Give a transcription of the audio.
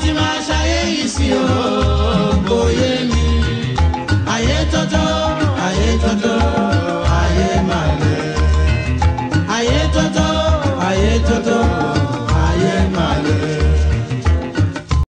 tí máa ṣayé yìí sí